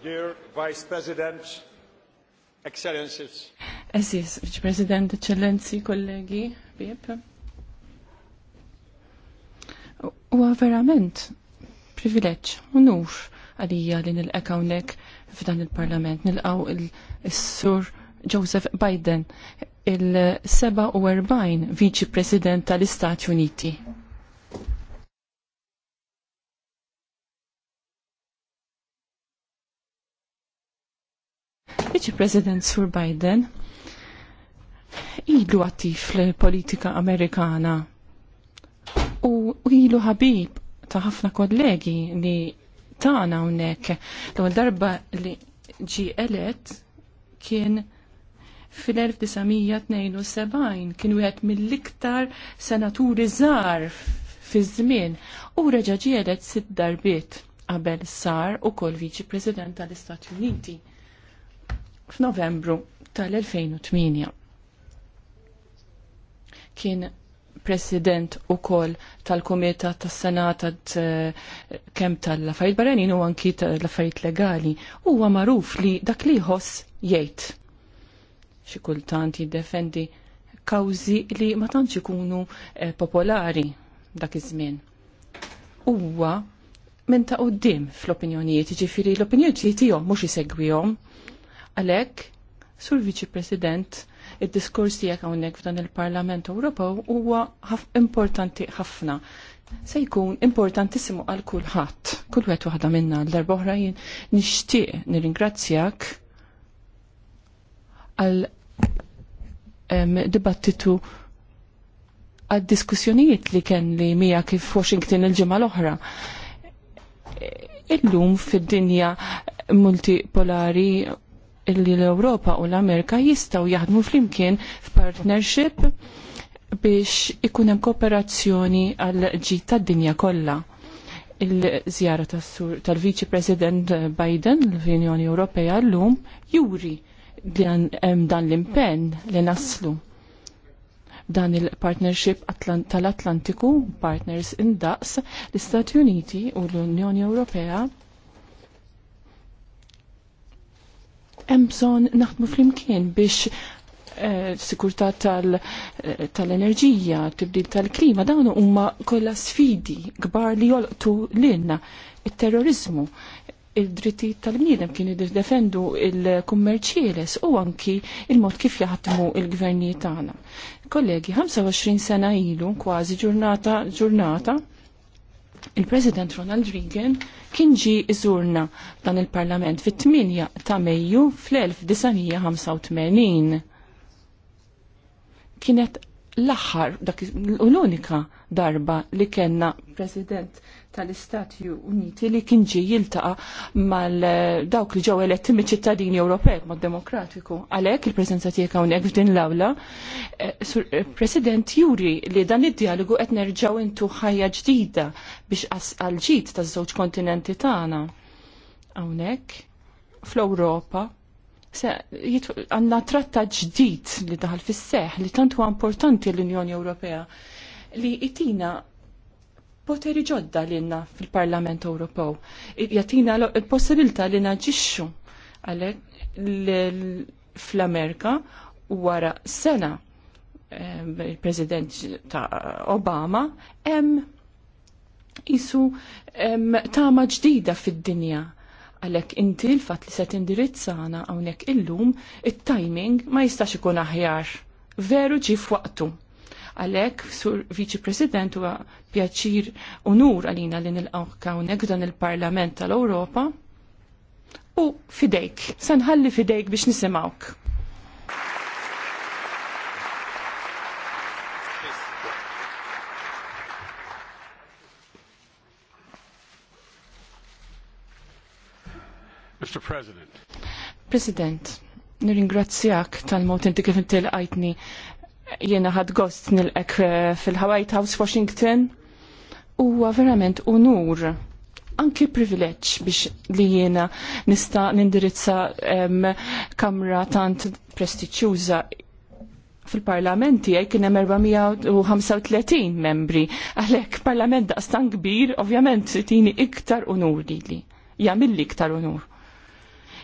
Dear Vice President, Excellencies. Esis, Vice President, Eccellenzi, kollegi, Bib. U verament privileġġ, unur għalija li nil-eka f'dan il-parlament. Nilqaw il-sur Joseph Biden, il-47 viċi president tal-Istati Uniti. President Sur Biden ilu għattif fil-politika Amerikana u ilu ħabib ta' ħafna kollegi li tagħna hawnhekk l darba li ġi elet kien fil-1972 kien wieħed mill-iktar senaturi żgħar fi żmien u reġa' ġi sitt darbiet qabel sar ukoll viċi President tal-Istati Uniti f'Novembru tal-2008. Kien president u kol tal-Komita tas-Senata eh, kem tal-affarijiet barranin u anki tal-affarijiet legali huwa magħruf li dak li jħoss jgħid. Xi kultant jiddefendi kawżi li ma tantx ikunu eh, popolari dak iż-żmien. Huwa minn ta' qudiem fl-opinjonijiet, ġifieri l-opinjonijiet li tiegħu mhux isegwihom Għalhekk, sur Viċi President, id-diskors tiegħek hawnhekk f'dan il-Parlament Ewropew huwa importanti ħafna se jkun importantissimu għal kulħadd. Kull wieħed waħda minna l-darba oħrajn nixtieq nirringrazzjak għal dibattitu għad diskussjonijiet li kien li mija kif Washington il-ġimgħa l-oħra. E, illum fid-dinja multipolari illi l-Ewropa u l-Amerika jistaw jaħdmu flimkien f'partnership biex ikun hemm kooperazzjoni għal ġid tad-dinja kollha. Il-żjara tal-Viċi President Biden l-Unjoni Ewropea llum juri dan l-impenn li naslu dan il-partnership tal-Atlantiku, partners indaqs, l-Istati Uniti u l-Unjoni Ewropea hemm bżonn naħdmu flimkien biex eh, sikurtà eh, tal-enerġija, tibdil tal-klima, dawn huma kollha sfidi kbar li jolqtu lilna. Il-terrorizmu, il-dritti tal-bniedem kienu jiddefendu il-kummerċieles u anki il-mod kif jaħdmu il-gvernijiet tagħna. Kollegi, 25 sena ilu, kważi ġurnata ġurnata, il-President Ronald Reagan kien ġi iżurna dan il-Parlament fit-8 ta' Mejju fl-1985. Kienet l-aħħar l-unika darba li kena President tal-Istati Uniti li kien ġi jiltaqa mal-dawk eh, li ġew eletti mill-ċittadini Ewropej mod demokratiku. Għalhekk il-preżenza tiegħek hawnhekk f'din l-awla, eh, eh, President juri li dan id-dialogu qed nerġgħu intu ħajja ġdida biex għal-ġid taż-żewġ kontinenti tagħna. Hawnhekk fl-Ewropa għanna tratta ġdid li daħal fis seħħ li tant huwa importanti l-Unjoni Ewropea li itina poteri ġodda l fil-Parlament Ewropew. Jatina l-possibilta li naġixxu għalek fl-Amerika wara sena eh, il-President ta' Obama hemm isu tama ġdida fid-dinja għalek inti l-fat li set indirizzana għawnek illum, il-timing ma jistax ikun aħjar. Veru ġif waqtu. Għalek, sur Viċi President, huwa pjaċir unur għalina li nilqaw kawnek dan il-Parlament tal-Ewropa. U fidejk, sanħalli fidejk biex nisimawk. Mr. President. President, nirringrazzjak tal-mod inti kif intil għajtni Jiena ħad gost nilqek eh, fil-White House Washington huwa verament unur anki privileġġ biex li jiena nista nindirizza um, kamra tant prestiċjuża fil-parlament tiegħi kien hemm 435 membri, għalhekk parlament daqstan kbir, ovvjament tini iktar unur lili, jagħmilli iktar unur.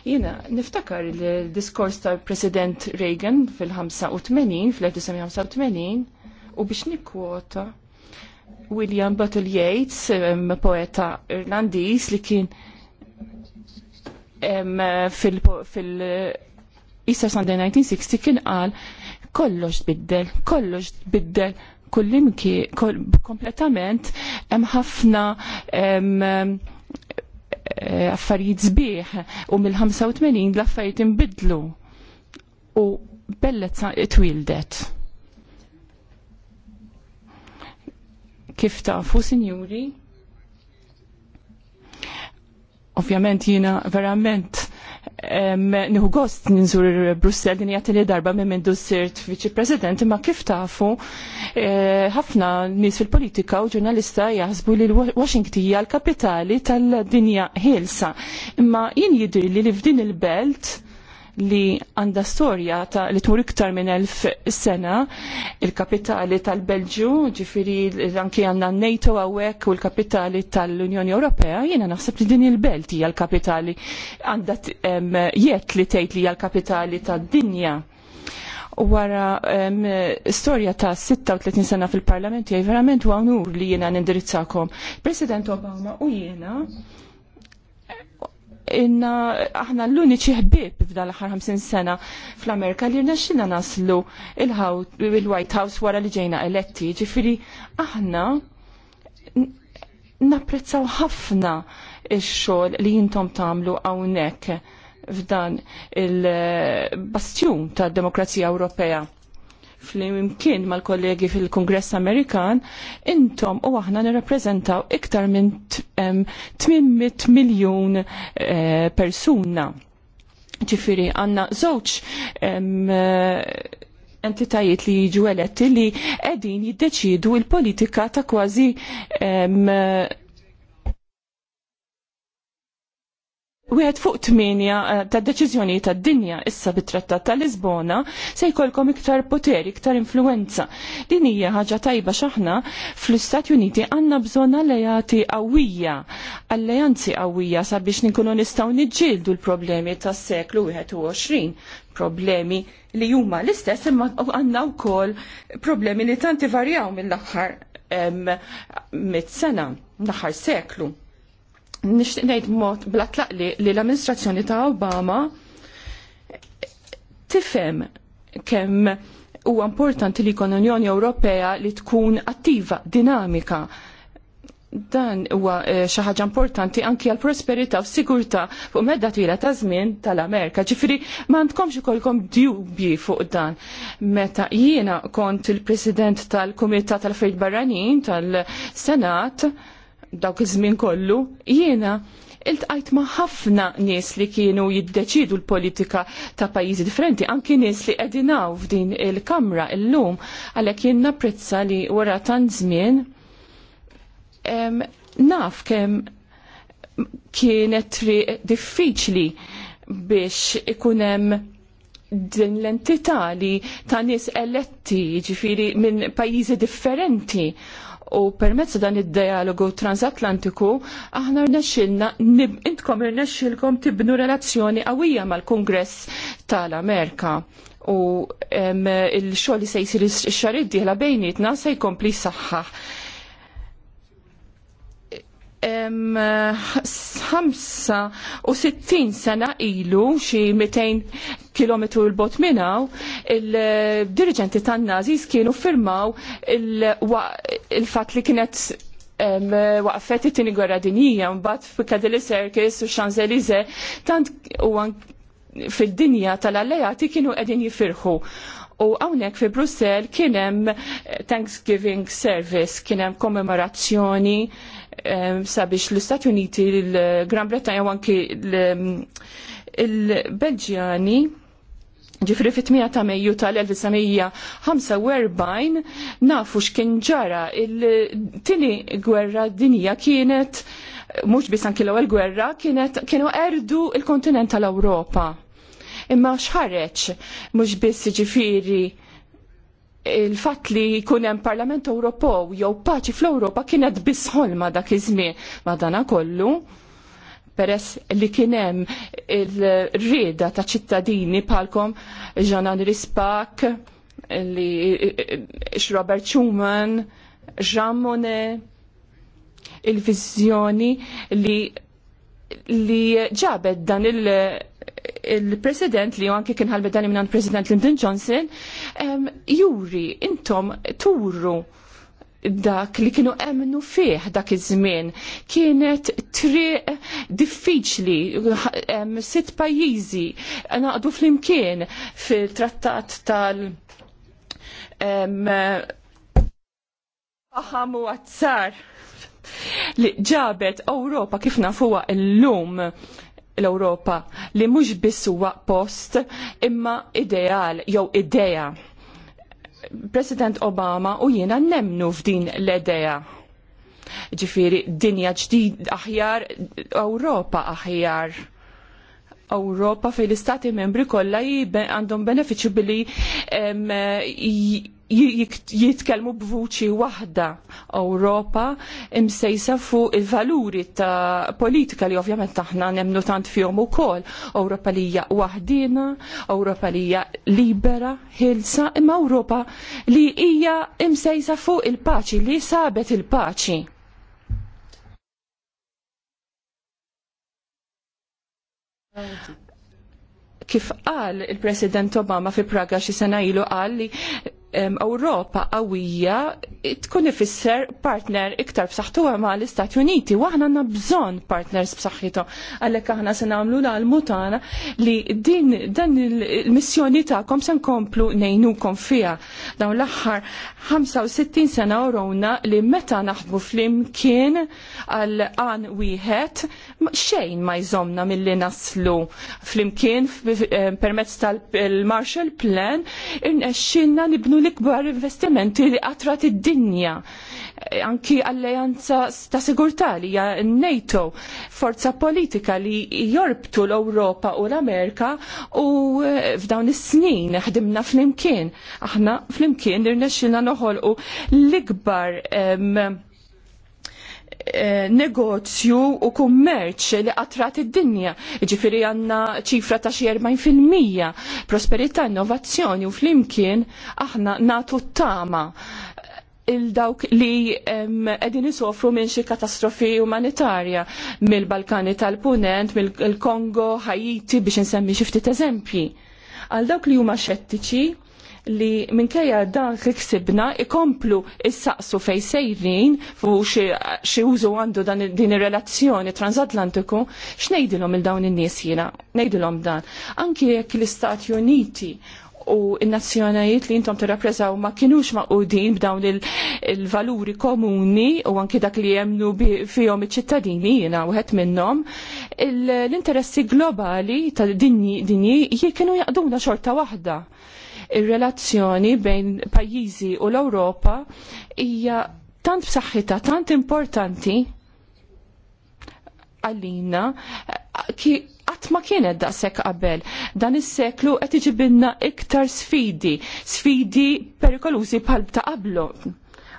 Jiena niftakar il-diskors tal-President Reagan fil-85, fil-1985, u biex nikkwota William Butler Yeats, poeta Irlandiż li kien fil-Easter Sunday 1960 kien qal kollox tbiddel, kollox tbiddel, kullimki kompletament hemm ħafna Eh, affarijiet sbieħ u mill-85 l-affarijiet inbidlu u bellezza twildet. Kif tafu, sinjuri? Ovvjament jina verament nieħu gost ninżur Brussel din jagħtini darba minn minn sirt viċi President, imma kif tafu e, ħafna nies fil-politika u ġurnalista jaħsbu li Washington hija l-kapitali tal-dinja ħielsa. Imma jien jidri li f'din il-belt li għandha storja ta' li tmur iktar minn elf sena il-kapitali tal-Belġu, ġifiri anki għandna NATO għawek u l-kapitali tal-Unjoni Ewropea, jiena naħseb li din il-Belt hija l-kapitali għandha jett li tgħid li hija l-kapitali tad-dinja wara um, storja ta' 36 sena fil-parlament jgħaj verament u għanur li jena nindirizzakom. President Obama u jena inna uh, aħna l-uniċi ħbib f'dan l-aħħar 50 sena fl-Amerika li rnexxina naslu il-White House wara li ġejna eletti, ġifiri aħna napprezzaw ħafna ix-xogħol li jintom tagħmlu hawnhekk f'dan il eh, bastjum tad-demokrazija Ewropea fl-imkien mal-kollegi fil-Kongress Amerikan, intom u aħna nirrappreżentaw iktar minn 800 miljon eh, persuna. Ġifiri, għanna zoċ eh, entitajiet li jiġu eletti li edin jiddeċidu il-politika ta' kważi wieħed fuq tminja eh, ta' deċiżjonijiet ta' dinja issa bit-trattat ta' Lisbona se jkollkom iktar poteri, iktar influenza. Din hija ħaġa tajba x'aħna fl-Istati Uniti għandna bżonn alleati qawwija, alleanzi qawwija sabiex ninkunu nistgħu niġġieldu l-problemi tas-seklu 21 problemi li huma l-istess imma għandna wkoll problemi li tanti varjaw mill-aħħar mit-sena, l-aħħar seklu nixtieq ngħid mod bla tlaqli li l-amministrazzjoni ta' Obama tifhem kemm huwa importanti li jkun Unjoni Ewropea li tkun attiva, dinamika. Dan huwa eh, xi ħaġa importanti anki għal prosperità u sigurtà fuq medda twila ta' żmien tal-Amerika. Ġifieri m'għandkomx ikolkom dubji fuq dan. Meta jiena kont il-President tal-Kumitat tal-Affarijiet Barranin tal-Senat, tal kumitat tal affarijiet barranin tal senat tal barranin tal senat dawk iż-żmien kollu, jiena iltqajt ma' ħafna nies li kienu jiddeċidu l-politika ta' pajjiżi differenti, anki nies li qegħdinaw f'din il-kamra illum għalhekk jien napprezza li wara tant żmien naf kemm kienet triq diffiċli biex ikun hemm din l-entità li ta' nies eletti ġifiri minn pajjiżi differenti u permezz dan id-dialogu transatlantiku aħna rnexxilna intkom rnexxilkom tibnu relazzjoni qawwija mal-Kungress tal-Amerika u il-xogħol li se jsir ix-xar id-dieħla bejnietna se jkompli saħħaħ 65 sena ilu xi 200 km l-bot minnaw il-dirigenti tan-nazis kienu firmaw il-fat li kienet waqfet it-tini gwerra dinija mbagħad f'Kadeli Circus u Champs-Élysées tant u fid-dinja tal-alleati kienu qegħdin jifirħu. U hawnhekk fi Brussell kien hemm eh, Thanksgiving Service, kien hemm kommemorazzjoni eh, sabiex l-Istati Uniti, l-Gran Bretagna u anki l-Belġjani ġifri fit-8 ta' Mejju tal-1945 nafu x'kien ġara il-tini gwerra dinija kienet mhux biss anki l-ewwel gwerra kienet kienu erdu il-kontinent tal-Ewropa imma xħarreċ mhux biss ġifiri il-fatt li jkun hemm Parlament Ewropew jew paċi fl-Ewropa kienet biss ħolma dak iż-żmien madana kollu peress li kien hemm il-rieda ta' ċittadini palkom Ġanan Rispak, li Robert Schumann, Jean Monnet, il-vizjoni li li ġabet dan il- il-president li anki kien ħalbedani minn president Lyndon Johnson, juri, intom turu dak li kienu emnu fih dak iż-żmien kienet triq diffiċli sitt pajjiżi naqdu flimkien fil-trattat tal- Aħam għazzar li ġabet Ewropa kif nafuha l-lum l-Ewropa li mhux biss huwa post imma ideal jew idea. President Obama u jiena nemnu f'din l-idea. Ġifieri dinja ġdid aħjar, Ewropa aħjar Ewropa fejn l-istati membri kollha għandhom benefiċċju billi jitkellmu b'vuċi waħda Ewropa imsejsa fuq il-valuri ta' politika li ovvjament aħna nemnu tant fihom ukoll. Ewropa li hija waħdina, Ewropa li hija libera, ħilsa, imma Ewropa li hija imsejsa fuq il-paċi, li sabet il-paċi Kif qal il-President Obama fi Praga xi sena ilu qal li Ewropa qawwija tkun ifisser partner iktar b'saħħtu ma' l-Istati Uniti. Waħna għandna bżonn partners b'saħħithom. Għalhekk aħna se nagħmlu l mutana li din dan il-missjoni tagħkom se nkomplu ngħinukom fiha. Dawn l-aħħar 65 sena orowna li meta naħdmu flimkien għal għan wieħed xejn ma jżomna milli naslu flimkien permezz tal-Marshall Plan irnexxinna nibnu l-ikbar investimenti li qatrat id-dinja. Eh, anki alleanza ta' sigurtà li hija NATO, forza politika li jorbtu l-Ewropa u l-Amerika u eh, f'dawn is-snin ħdimna flimkien. Aħna flimkien irnexxielna noħolqu l-ikbar Eh, negozju u kummerċ li qatrat id-dinja. Ġifiri għanna ċifra ta' xie 40% prosperità, innovazzjoni u flimkien aħna natu tama il-dawk li edin isofru minn xi katastrofi umanitarja mill-Balkani tal-Punent, mill-Kongo, Haiti biex nsemmi xi ftit eżempji. Għal dawk li huma xettiċi, li minkejja dan li ksibna ikomplu issaqsu fej sejrin fu xi użu għandu dan din ir-relazzjoni transatlantiku, x'ngħidilhom il dawn in-nies jiena, ngħidilhom dan. Anki jekk l-Istati Uniti u n-nazzjonajiet li intom tirrappreżaw ma kinux maqudin b'dawn il-valuri komuni u anki dak li jemnu fihom iċ-ċittadini jiena wieħed minnhom, l-interessi globali tad dinji kienu jaqduna xorta waħda ir-relazzjoni bejn pajjiżi u l-Ewropa hija tant b'saħħitha, tant importanti għalina ki qatt ma kienet daqshekk qabel. Dan is-seklu qed iġibilna iktar sfidi, sfidi perikolużi bħal ta' qablu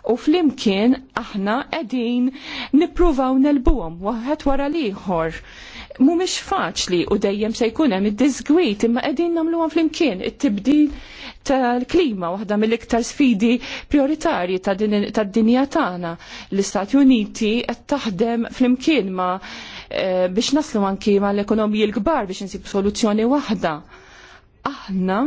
u flimkien aħna qegħdin nippruvaw nelbuhom waħed wara l-ieħor mhumiex faċli u dejjem se jkun hemm id-disgwit imma qegħdin nagħmluhom flimkien it-tibdil tal-klima waħda mill-iktar sfidi prioritarji tad-dinja tagħna. L-Istati Uniti qed taħdem flimkien ma eh, biex naslu anki mal ekonomiji l-kbar biex insib soluzzjoni waħda. Aħna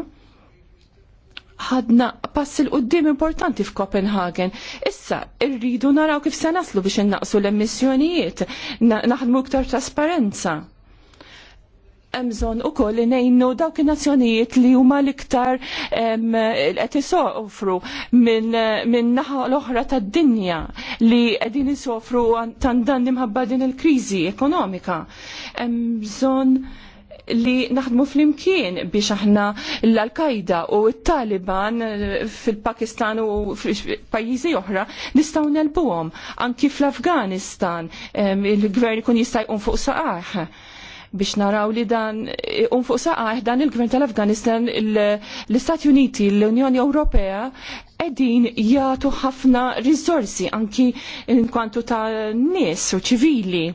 ħadna pass il qoddim importanti f'Copenhagen. Issa, irridu naraw kif se naslu biex innaqsu l-emissjonijiet, naħdmu iktar trasparenza. Emżon u koll nejnu dawk nazzjonijiet li huma l-iktar qed isofru minn min naħa l-oħra tad-dinja li qegħdin isofru tandan imħabba din il-kriżi ekonomika. Emżon li naħdmu fl-imkien biex aħna l-Al-Qaida u t-Taliban eh, fil-Pakistan u fil-pajizi oħra nistgħu nelbuhom anki fl-Afganistan il-gvern kun jista' jqum fuq saqaħ biex naraw li dan un fuq saqaħ dan il-gvern tal-Afganistan l-Istati Uniti, l-Unjoni Ewropea edin jagħtu ħafna rizorsi anki kwantu ta' nies u ċivili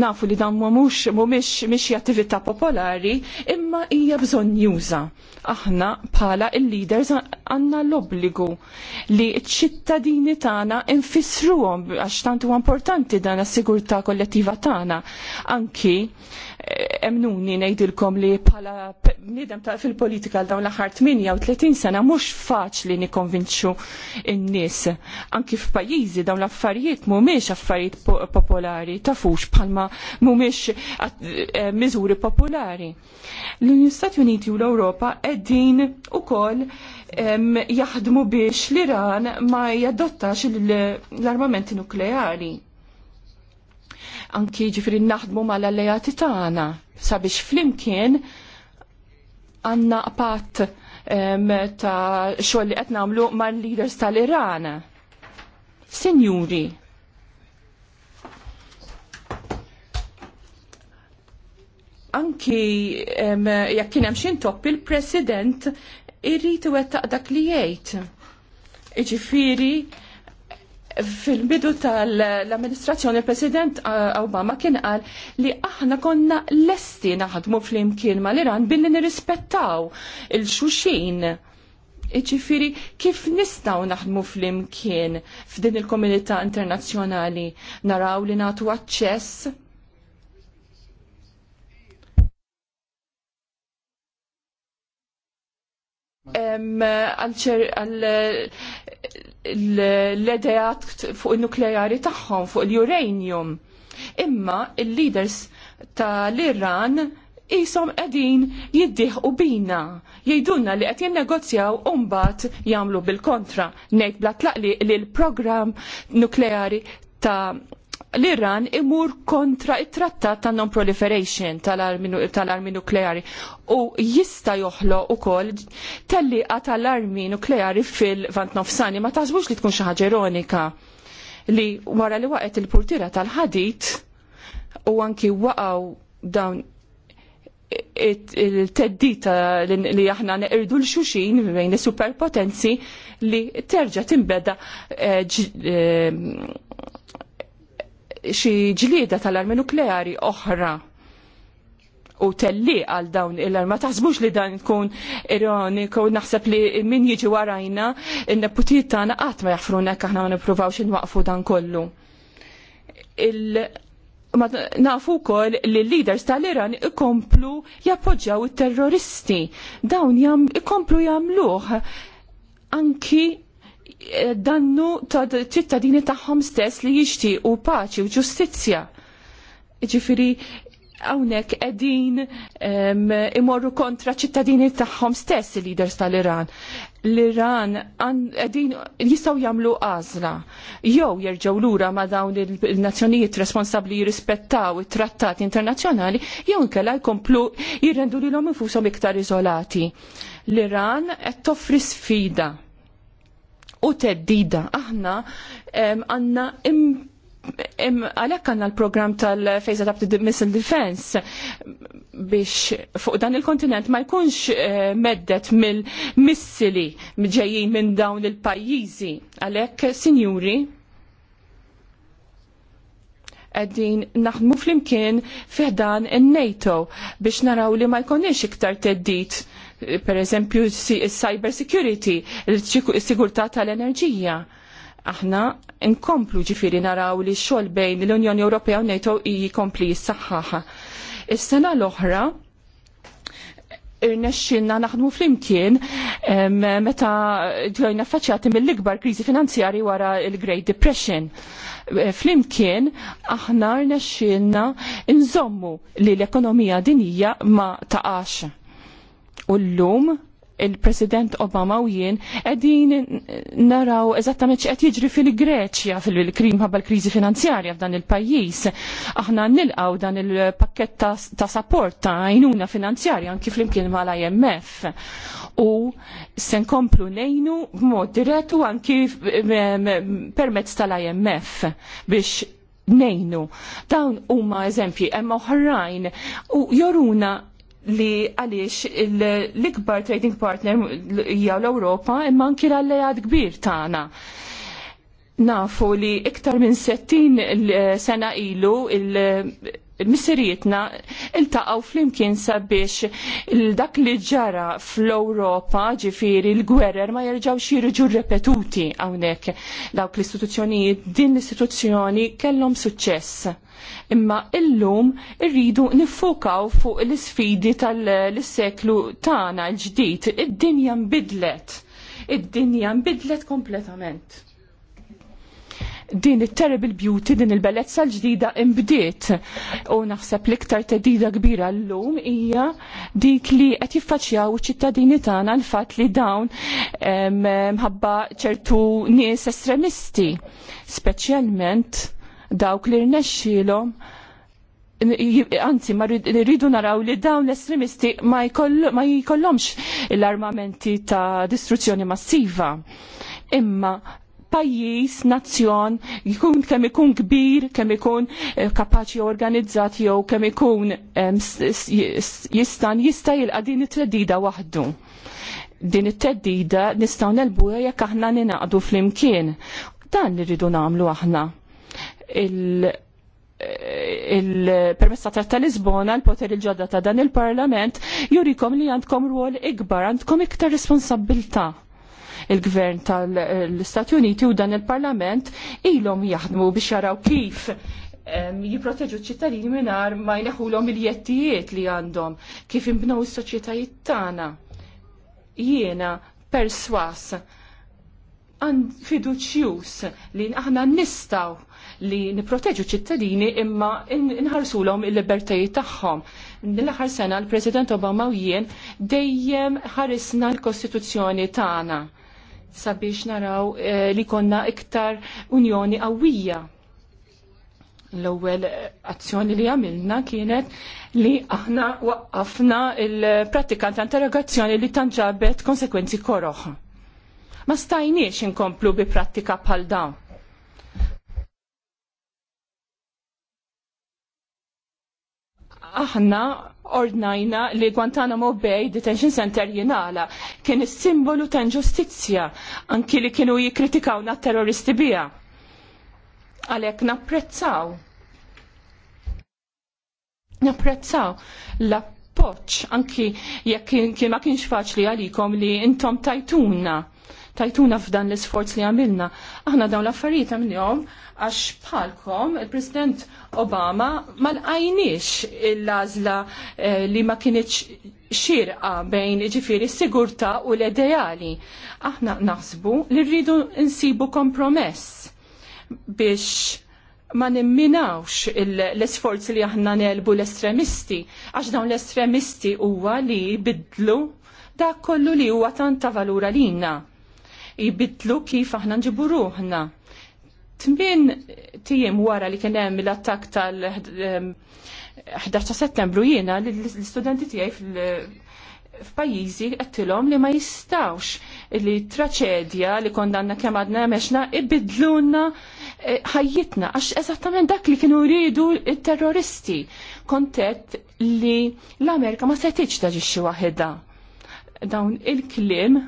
nafu li dan mhumiex mhumiex mhix attività popolari, imma hija bżonn juża. Aħna bħala il-leaders għandna l-obbligu li ċ-ċittadini tagħna infissruhom għax tant huwa importanti dan is-sigurtà kollettiva tagħna. Anki emnuni nejdilkom li bħala nidem ta' fil-politika l dawn l-aħħar 38 sena mhux faċli nikonvinċu n-nies. Anki f'pajjiżi dawn l-affarijiet mhumiex affarijiet popolari tafux bħalma mhumiex eh, miżuri popolari. L-Istati Uniti u l-Ewropa qegħdin ukoll jaħdmu biex l-Iran ma jadottax l-armamenti nukleari anki ġifri naħdmu mal-allejati tagħna sabiex flimkien għanna qapat ta' xogħol li qed nagħmlu mal-leaders tal-Iran. Sinjuri, anki jekk kien hemm xintop il-President irrid iwettaq dak li jgħid. Iġifieri fil-bidu tal-amministrazzjoni President eh, Obama kien qal li aħna konna lesti naħdmu fl-imkien mal-Iran billi nirrispettaw il-xuxin. Iċifiri, kif nistaw naħdmu fl-imkien f'din il-komunità internazzjonali naraw li natu aċċess l edeat fuq il-nukleari tagħhom, fuq l-uranium. Imma il-leaders tal-Iran jisom edin u bina. Jgħidulna li qed jinnegozjaw umbat jagħmlu bil-kontra. Ngħid bla tlaqli li l-programm nukleari ta' l-Iran imur kontra it-trattat ta' non-proliferation tal-armi nukleari u jista joħlo u kol tellieqa tal-armi nukleari fil-vant nofsani ma tażbux li tkun xi ħaġa ironika li wara li waqgħet il-purtira tal-ħadit u anki waqgħu dawn il-teddita li aħna neqirdu l-xuxin bejn is-superpotenzi li terġa' timbeda eh, xi ġlieda tal-armi nukleari oħra u telli għal dawn il-arma. Taħsbux li dan tkun ironiku, naħseb li min jiġi warajna, il neputijiet tagħna qatt ma jaħfruna jekk aħna ma nippruvaw x'inwaqfu dan kollu. Il ma nafu kol li leaders tal-Iran ikomplu jappoġġaw il-terroristi. Dawn jam, ikomplu jamluħ anki dannu ta' ċittadini tagħhom stess li jixtiequ paċi u ġustizzja. Ġifiri, hawnhekk qegħdin imorru kontra ċittadini tagħhom stess il-leaders tal-Iran. L-Iran qegħdin jistgħu jagħmlu għażla. Jew jerġgħu lura ma' dawn il-nazzjonijiet responsabbli jirrispettaw it-trattati internazzjonali, jew inkella jkomplu jirrendu lilhom infushom iktar iżolati. L-Iran qed toffri sfida u teddida. Aħna għanna għalek għanna l-program tal face Adapted Missile Defense biex fuq dan il-kontinent ma jkunx eh, meddet mill-missili ġejjin minn dawn il-pajjiżi. Għalek, sinjuri, għeddin naħdmu fl-imkien fiħdan il-NATO biex naraw li ma jkunix iktar teddit per eżempju cyber security, il-sigurtà tal-enerġija. Aħna nkomplu ġifiri naraw li xogħol bejn l-Unjoni Ewropea u NATO jikompli jissaħħaħa. Is-sena l-oħra irnexxinna naħdmu flimkien meta ġojna faċċati mill-ikbar kriżi finanzjari wara il-Great Depression. E, flimkien aħna rnexxinna nżommu li l-ekonomija dinija ma taqax U l-lum il-President Obama u jien edin naraw eżattament x'qed jiġri fil-Greċja fil-krim ħabba l-kriżi finanzjarja f'dan il-pajjiż. Aħna nilqaw dan il-pakket ta' support ta' għajnuna finanzjarja anki flimkien mal-IMF. U se nkomplu nejnu b'mod dirett u anki permezz tal-IMF biex nejnu. Dawn huma eżempji hemm oħrajn u joruna li għaliex l-ikbar trading partner hija l-Ewropa imma anki l-alleat kbir tagħna. Nafu li iktar minn settin sena ilu il- il missirietna fl flimkien sabiex dak li ġara fl-Ewropa ġifiri l-gwerer ma jerġgħux jirġu repetuti hawnhekk dawk l-istituzzjonijiet din l-istituzzjoni kellhom suċċess. Imma illum irridu nifukaw fuq l-isfidi tal-seklu tagħna l-ġdid, id-dinja nbidlet. Id-dinja nbidlet kompletament din it-terrible beauty, din il-bellezza l-ġdida imbdiet. U naħseb l-iktar tedida kbira l-lum hija dik li qed jiffaċjaw iċ-ċittadini tagħna l-fatt li dawn mħabba ċertu nies estremisti, speċjalment dawk li rnexxielhom anzi, ma rridu naraw li dawn l-estremisti ma jkollhomx l-armamenti ta' distruzzjoni massiva. Imma pajjiż, nazzjon, jkun kemm ikun kbir, kemm ikun eh, kapaċi organizzat jew kemm ikun jistan jista' jilqa' din it-tredida waħdu. Din it tredida nistgħu nelbuha jekk aħna ninaqdu flimkien. Dan li rridu nagħmlu aħna. Il eh, permessa trat ta' Lisbona, l-poter il-ġodda ta' dan il-parlament, jurikom li għandkom ruol ikbar, għandkom iktar responsabilta' il-gvern tal-Stati Uniti u dan il-Parlament ilhom jaħdmu biex jaraw kif jiproteġu ċittadini minar ma jneħulhom il-jettijiet li għandhom kif imbnew is-soċjetajiet tagħna. Jiena perswas għand fiduċjus li aħna nistaw li niproteġu ċittadini imma nħarsulhom il-libertajiet tagħhom. L-aħħar sena l-President Obama u jien dejjem ħarisna l-Kostituzzjoni tagħna sabiex naraw eh, li konna iktar unjoni qawwija. L-ewwel eh, azzjoni li għamilna kienet li aħna waqqafna il ta' interrogazzjoni li tanġabet konsekwenzi koroħ. Ma stajniex inkomplu bi prattika bħal dawn. Aħna ordnajna li Guantanamo Bay Detention Center jinala kien is-simbolu ta' ġustizzja anki li kienu jikkritikawna terroristi biha. Għalhekk napprezzaw. Napprezzaw l-appoġġ anki jekk kien ma kienx faċli għalikom li intom tajtuna tajtuna f'dan l-isforz li għamilna. Aħna dawn l-affarijiet għamilhom għax bħalkom il-President Obama ma lqajniex l-għażla eh, li ma kienieċ xirqa bejn ġifiri s-sigurta u l-ideali. Aħna naħsbu li rridu nsibu kompromess biex ma nimminawx l isforz li aħna nelbu l-estremisti, għax dawn l-estremisti huwa li bidlu dak kollu li huwa tanta valura lina jibitlu kif aħna nġibu ruħna. Tmien tijem wara li kienem l-attak tal-11 ta' settembru jiena l-studenti tijaj f'pajjiżi għattilom li ma jistawx li traċedja li kondanna kemm għadna meċna ibidluna e, ħajjitna, għax eżattament dak li kienu jridu il-terroristi. Kontet li l-Amerika ma setiċ taġiċi wahida. Dawn il-klim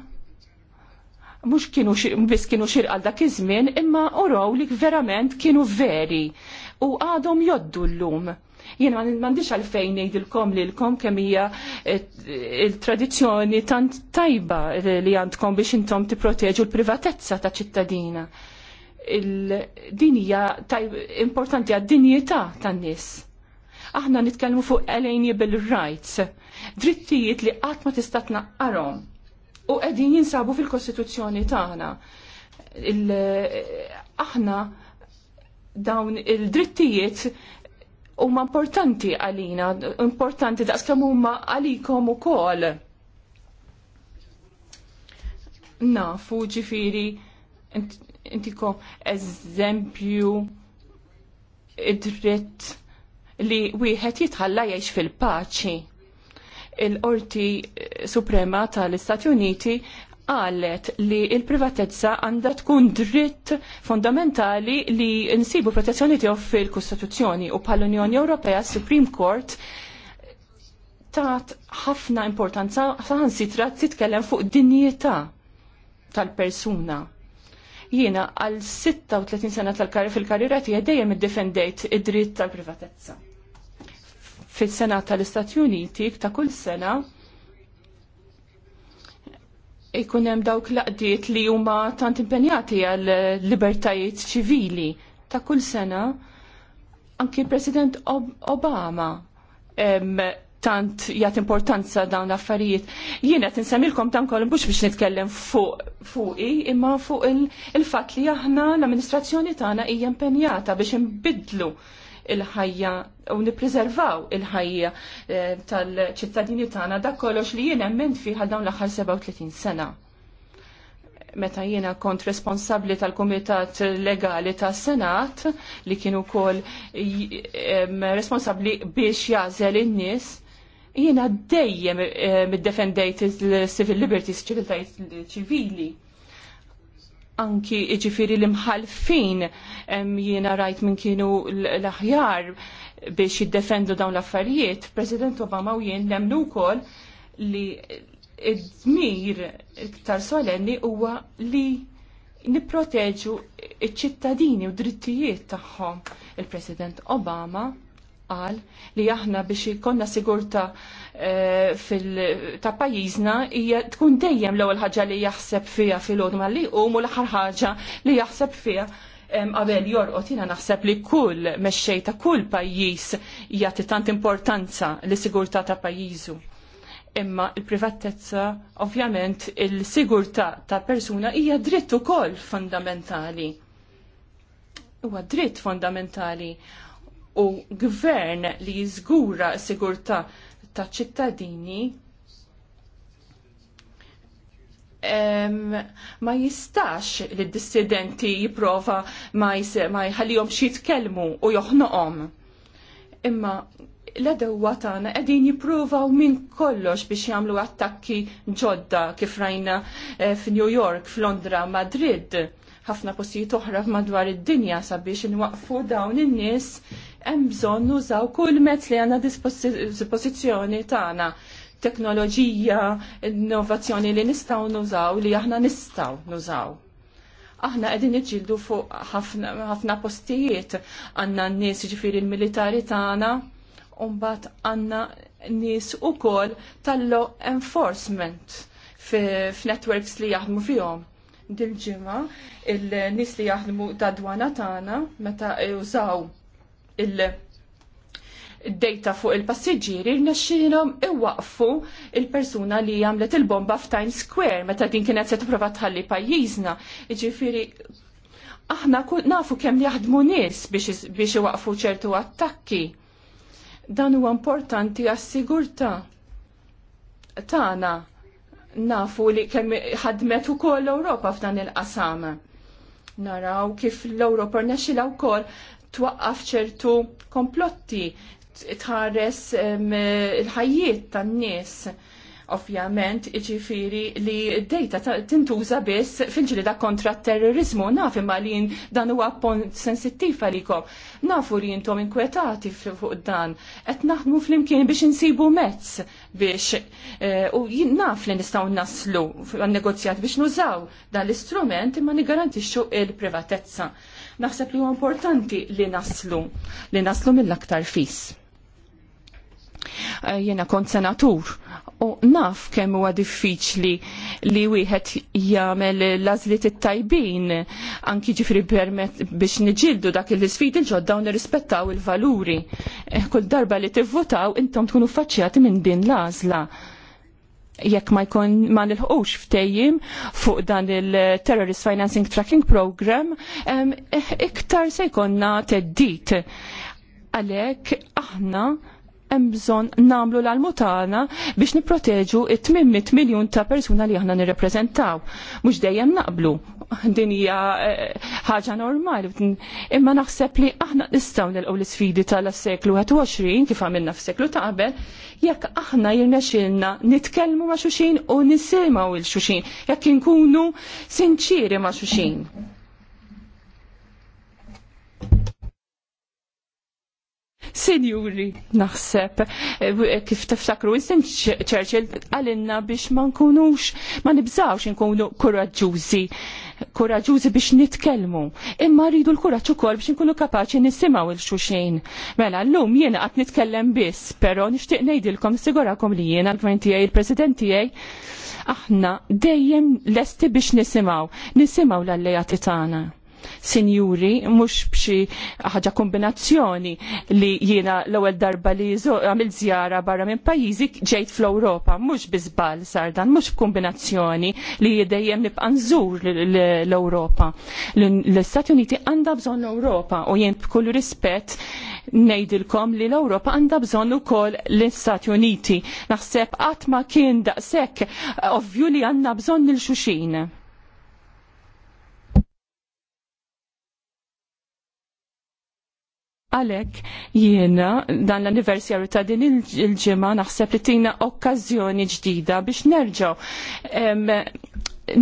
mux kienu bis kienu xir għal dak iż-żmien imma uraw li verament kienu veri u għadhom joddu llum. Jien m'għandix għalfejn ngħidilkom lilkom kemm hija eh, il-tradizzjoni tant tajba li għandkom biex intom tipproteġu l-privatezza ta' ċittadina. Din hija importanti għad-dinjità tan-nies. Aħna nitkellmu fuq bil rights, drittijiet li qatt ma tista' tnaqqarhom u qegħdin jinsabu fil-Kostituzzjoni tagħna. Aħna dawn il-drittijiet huma importanti għalina, importanti daqs huma għalikom ukoll. Nafu ġifiri intiko eżempju id-dritt li wieħed jitħalla jgħix fil-paċi il-Qorti Suprema tal-Istati Uniti qalet li il-privatezza għandha tkun dritt fondamentali li nsibu protezzjoni tiegħu fil-Kostituzzjoni u bħall-Unjoni Ewropea Supreme Court tat ħafna importanza sitra titkellem fuq dinjità tal-persuna. Jiena għal 36 sena tal-karri fil-karriera tiegħi dejjem iddefendejt id-dritt tal-privatezza fis sena tal-Istati Uniti ta' kull sena ikun hemm dawk laqdiet li huma tant impenjati għal libertajiet ċivili ta' kull sena anki President Obama em, tant jgħat importanza dawn l-affarijiet. Jiena qed insemmilkom dan kollu mhux biex nitkellem fuq fuqi imma fuq il-fatt il li aħna l-amministrazzjoni tagħna hija impenjata biex inbidlu il-ħajja u nipreservaw il-ħajja eh, tal-ċittadini tagħna dak kollox li jien hemm fi għal dawn l-aħħar 37 sena. Meta jiena kont responsabbli tal-Kumitat Legali tas-Senat li kien ukoll eh, responsabbli biex jażel in-nies jiena dejjem eh, middefendejt il-civil liberties ċiviltajt ċivili anki iġifiri l-imħalfin jiena rajt minn kienu l-aħjar biex jiddefendu dawn l-affarijiet, President Obama u jien nemnu kol li id-dmir iktar solenni huwa li niproteġu iċ-ċittadini u drittijiet tagħhom. Il-President Obama qal li aħna biex ikonna sigurta eh, ta' pajjiżna hija tkun dejjem l-ewwel ħaġa li jaħseb fiha fil-odma li hum u l-aħħar ħaġa li jaħseb fiha qabel jorqot jiena naħseb li kull mexxej ta' kull pajjiż jagħti tant importanza li sigurtà ta' pajjiżu. Imma il-privatezza ovvjament il-sigurtà ta' persuna hija dritt ukoll fundamentali. Huwa dritt fundamentali u gvern li jizgura sigurta ta' ċittadini ma jistax li dissidenti jiprofa ma, jis, ma jħallihom jitkellmu u joħnoqom. Imma l-edewa tagħna qegħdin jippruvaw minn kollox biex jagħmlu attakki ġodda kif rajna eh, f'New York, f'Londra, Madrid, ħafna postijiet oħra madwar id-dinja sabiex inwaqfu dawn in-nies hemm bżonn nużaw kull mezz li għandna dispożizzjoni tagħna teknoloġija, innovazzjoni li nistgħu nużaw, li aħna nistgħu nużaw. Aħna qegħdin niġġieldu fuq ħafna postijiet għandna n-nies jiġifieri l-militari tagħna, u mbagħad għandna nies ukoll tal-law enforcement f'networks li jaħdmu fihom dil-ġimgħa il-nies li jaħdmu tad-dwana tagħna meta użaw il- data fuq il-passiġġieri rnexxielhom iwaqfu il-persuna li għamlet il-bomba f'Times Square meta din kienet se tipprova tħalli pajjiżna. Jiġifieri aħna nafu kemm jaħdmu nies biex, iwaqfu ċertu attakki. Dan huwa importanti għas-sigurtà tagħna nafu li kemm ħadmet ukoll l-Ewropa f'dan il-qasam naraw kif l ewropa rnexxilha wkoll twaqqaf ċertu komplotti tħares il-ħajjiet tan-nies Ovvjament, iġifiri li d-dejta tintuża biss fil da kontra terrorizmu, naf imma li dan huwa pont sensittiv għalikom. Nafu li jintom inkwetati fuq dan, qed naħdmu flimkien biex insibu mezz biex eh, u naf li nistgħu naslu għan-negozjat biex nużaw dan l-istrument imma nigarantixxu il-privatezza. Naħseb li huwa importanti li naslu, li naslu mill-aktar fis. Eh, jena kont senatur u naf kemm huwa diffiċli li wieħed jagħmel l-għażliet it-tajbin anki ġifri permett biex niġildu dak il-isfidi ġoddaw ġodda u nirrispettaw il-valuri. Eh, kull darba li tivvotaw intom tkunu faċċjati minn din l-għażla jekk ma jkun ma nilħuqux ftejjim fuq dan il-Terrorist Financing Tracking Program, eh, iktar se jkollna teddit. Għalek aħna hemm bżonn nagħmlu l-almutana biex nipproteġu it-800 miljun ta' persuna li aħna nirreprezentaw. Mhux dejjem naqblu din hija eh, ħaġa normali. Imma naħseb li aħna nistgħu nilqgħu l-isfidi tal-seklu 21 kif għamilna f'seklu ta' qabel, jekk aħna jirnexilna nitkellmu ma' xuxin u nisimgħu il xuxin jekk inkunu sinċiri ma' xuxin Sinjuri, naħseb, eh, eh, kif tiftakru, Winston Churchill għalinna biex ma nkunux, ma nibżawx nkunu koraġġużi, koraġġużi biex nitkellmu, imma rridu l-kuraġġ ukoll biex nkunu kapaċi nisimgħu il xuxin Mela, llum jena għat nitkellem biss, però nixtieq ngħidilkom sigurakom li jena l gventijaj il-president tiegħi, aħna dejjem lesti biex nisimgħu, nisimgħu l-allejati tagħna sinjuri, mhux b'xi ħaġa kombinazzjoni li jiena l-ewwel darba li għamil żjara barra minn pajjiżi ġejt fl-Ewropa, mhux biżbal sar dan, mhux kombinazzjoni li dejjem nibqa' nżur l-Ewropa. L-Istati Uniti għandha bżonn Ewropa u jien b'kull rispett nejdilkom li l-Europa għanda bżonn ukoll l-Istati Uniti. Naħseb qatt ma kien daqshekk ovvju li għandna bżonn lil xuxin Għalek jiena dan l anniversjaru ta' din il-ġimgħa naħseb li tina okkażjoni ġdida biex nerġgħu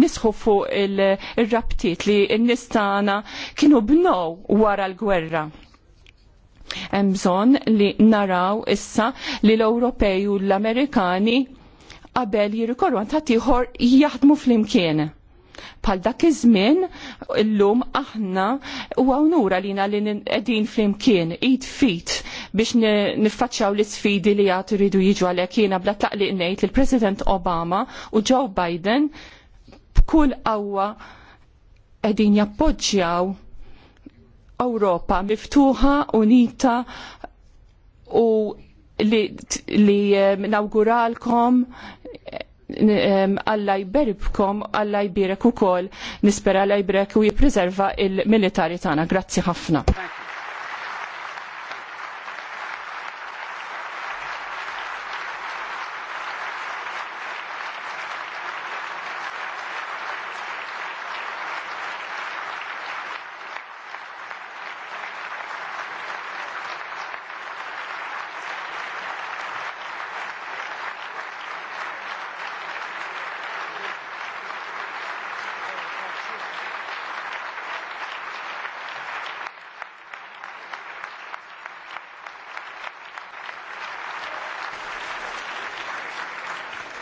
nisħu fuq il-rabtiet li n-nistana kienu bnow wara l-gwerra. Hemm bżonn li naraw issa li l-Ewropej u l-Amerikani qabel jirrikorru għan tatiħor jaħdmu fl-imkien. Pal dak iż-żmien illum aħna huwa unura lina li qegħdin flimkien id fit biex niffaċċjaw l-isfidi li għad iridu jiġu għalhekk jiena bla taqliq ngħid lill president Obama u Joe Biden b'kull qawwa qegħdin jappoġġjaw Ewropa miftuħa, unita u li, li eh, nawguralkom Alla jberibkom, Alla jbirek u kol, nispera Alla jbirek u jipreserva il-militari tana. Grazzi ħafna.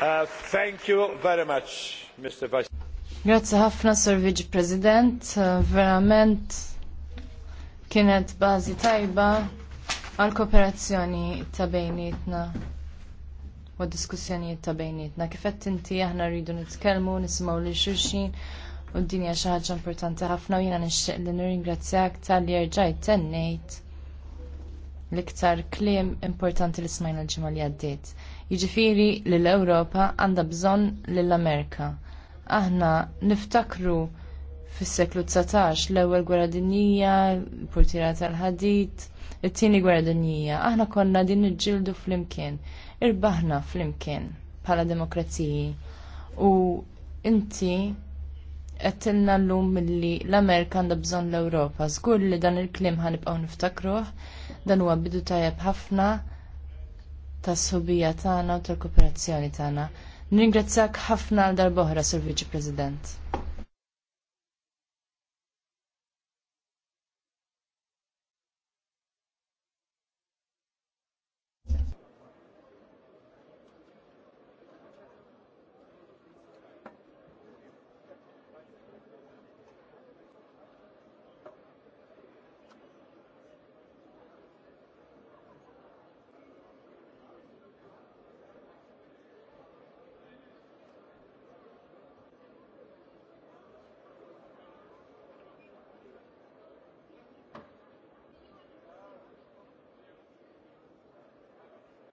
Uh, thank you very much, Mr. Vice. Grazie ħafna, Sir Vice President. Uh, verament kienet bażi tajba għal kooperazzjoni ta' bejnietna u diskussjonijiet ta' bejnietna. Kif inti aħna rridu nitkellmu, nisimgħu lil xuxin u d-dinja xi ħaġa importanti ħafna u jiena nixtieq li nirringrazzjak tal-li rġajt tennejt l-iktar kliem importanti li smajna l-ġimgħa li għaddiet. Jiġifieri li l-Ewropa għandha bżonn lill-Amerika. Aħna niftakru fis-seklu 19 l-ewwel gwerra dinjija, l-portira tal-ħadid, it-tieni gwerra dinjija. Aħna konna din niġġieldu flimkien, irbaħna flimkien bħala demokraziji. U inti qed tilna llum milli l-Amerika għandha bżonn l-Ewropa. Żgur li dan il-kliem ħanibqgħu niftakruh, dan huwa bidu tajjeb ħafna tas-subija tagħna u tal-kooperazzjoni tagħna. Nringrazzjak ħafna għal darboħra, Sur Viċi President.